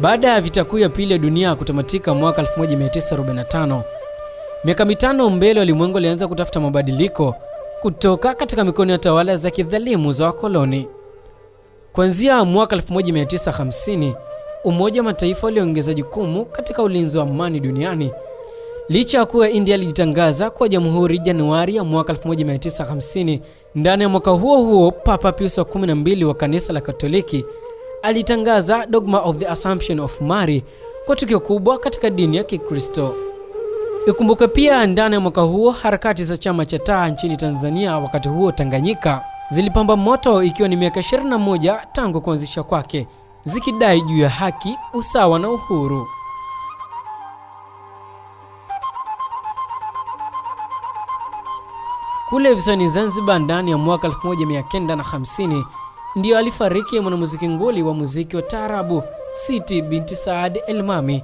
Baada ya vita kuu ya pili ya dunia kutamatika mwaka 1945, miaka mitano mbele, walimwengu alianza kutafuta mabadiliko kutoka katika mikono ya tawala za kidhalimu za wakoloni. Kuanzia mwaka 1950, Umoja wa Mataifa uliongeza jukumu katika ulinzi wa amani duniani. Licha ya kuwa India ilijitangaza kuwa jamhuri Januari ya mwaka 1950, ndani ya mwaka huo huo Papa Pius wa 12 wa kanisa la Katoliki alitangaza dogma of the assumption of Mary kwa tukio kubwa katika dini ya Kikristo. ikumbuke pia ndani ya mwaka huo harakati za chama cha taa nchini Tanzania, wakati huo Tanganyika, zilipamba moto ikiwa ni miaka 21 tangu kuanzisha kwake, zikidai juu ya haki, usawa na uhuru. Kule visiwani Zanzibar ndani ya mwaka 1950 ndiyo alifariki mwanamuziki nguli wa muziki wa taarabu Siti binti Saad Elmami